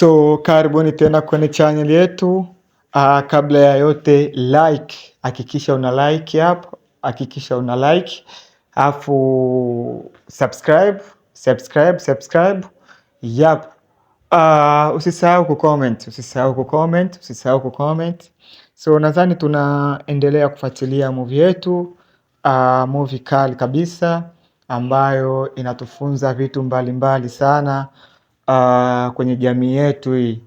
So karibuni tena kwenye channel yetu. Uh, kabla ya yote like, hakikisha una like hapo, hakikisha una like afu subscribe, subscribe, subscribe. Yep. Uh, ah, usisahau comment, usisahau comment, usisahau comment. So nadhani tunaendelea kufuatilia movie yetu uh, movie kali kabisa ambayo inatufunza vitu mbalimbali mbali sana uh, kwenye jamii yetu hii.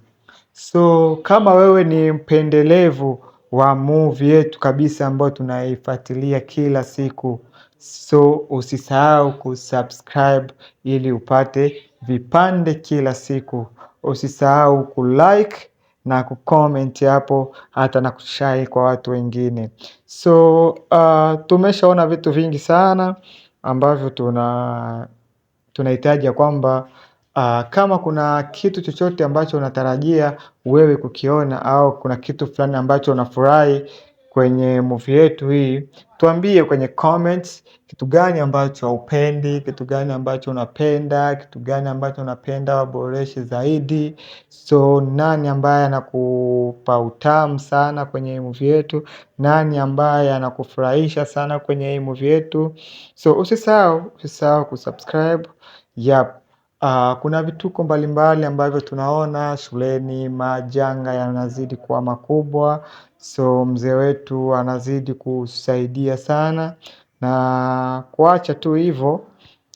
So kama wewe ni mpendelevu wa movie yetu kabisa ambayo tunaifuatilia kila siku, so usisahau kusubscribe ili upate vipande kila siku. Usisahau kulike na kucomment hapo, hata na kushare kwa watu wengine. So uh, tumeshaona vitu vingi sana ambavyo tuna tunahitaji ya kwamba Ah, kama kuna kitu chochote ambacho unatarajia wewe kukiona au kuna kitu fulani ambacho unafurahi kwenye movie yetu hii, tuambie kwenye comments, kitu gani ambacho haupendi, kitu gani ambacho unapenda, kitu gani ambacho unapenda waboreshe zaidi. So nani ambaye anakupa utamu sana kwenye movie yetu, nani ambaye anakufurahisha sana kwenye movie yetu. So usisahau, usisahau kusubscribe, yap. Ah, kuna vituko mbalimbali ambavyo tunaona shuleni, majanga yanazidi kuwa makubwa, so mzee wetu anazidi kusaidia sana na kuacha tu hivo,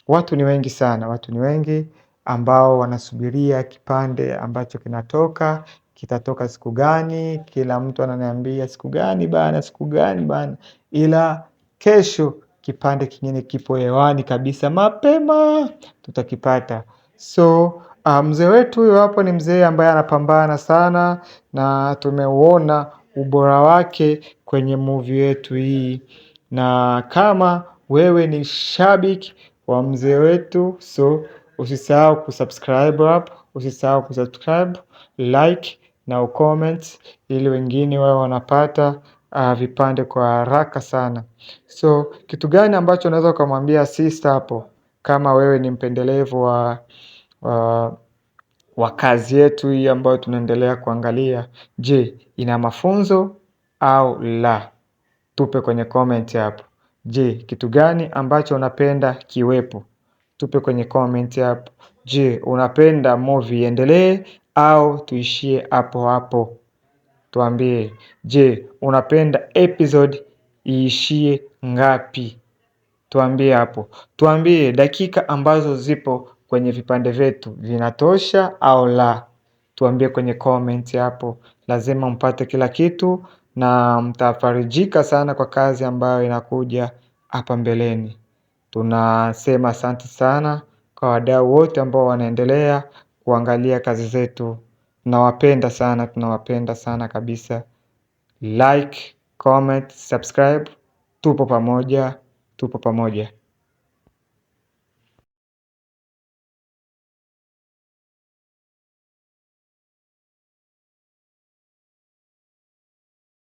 watu ni wengi sana, watu ni wengi ambao wanasubiria kipande ambacho kinatoka, kitatoka siku gani, kila mtu ananiambia siku gani bana, siku gani bana, ila kesho kipande kingine kipo hewani kabisa mapema tutakipata. So uh, mzee wetu huyo hapo ni mzee ambaye anapambana sana na tumeuona ubora wake kwenye movie yetu hii, na kama wewe ni shabiki wa mzee wetu, so usisahau kusubscribe hapo, usisahau kusubscribe, like na ucomment ili wengine wao wanapata Ah, vipande kwa haraka sana. So kitu gani ambacho unaweza ukamwambia sister hapo kama wewe ni mpendelevu wa kazi yetu hii ambayo tunaendelea kuangalia. Je, ina mafunzo au la? Tupe kwenye comment hapo. Je, kitu gani ambacho unapenda kiwepo? Tupe kwenye comment hapo. Je, unapenda movie iendelee au tuishie hapo hapo? Tuambie je, unapenda episode iishie ngapi? Tuambie hapo, tuambie dakika ambazo zipo kwenye vipande vyetu vinatosha au la. Tuambie kwenye comment hapo, lazima mpate kila kitu na mtafarijika sana kwa kazi ambayo inakuja hapa mbeleni. Tunasema asante sana kwa wadau wote ambao wanaendelea kuangalia kazi zetu. Nawapenda sana, tunawapenda sana kabisa. Like, comment, subscribe. Tupo pamoja, tupo pamoja.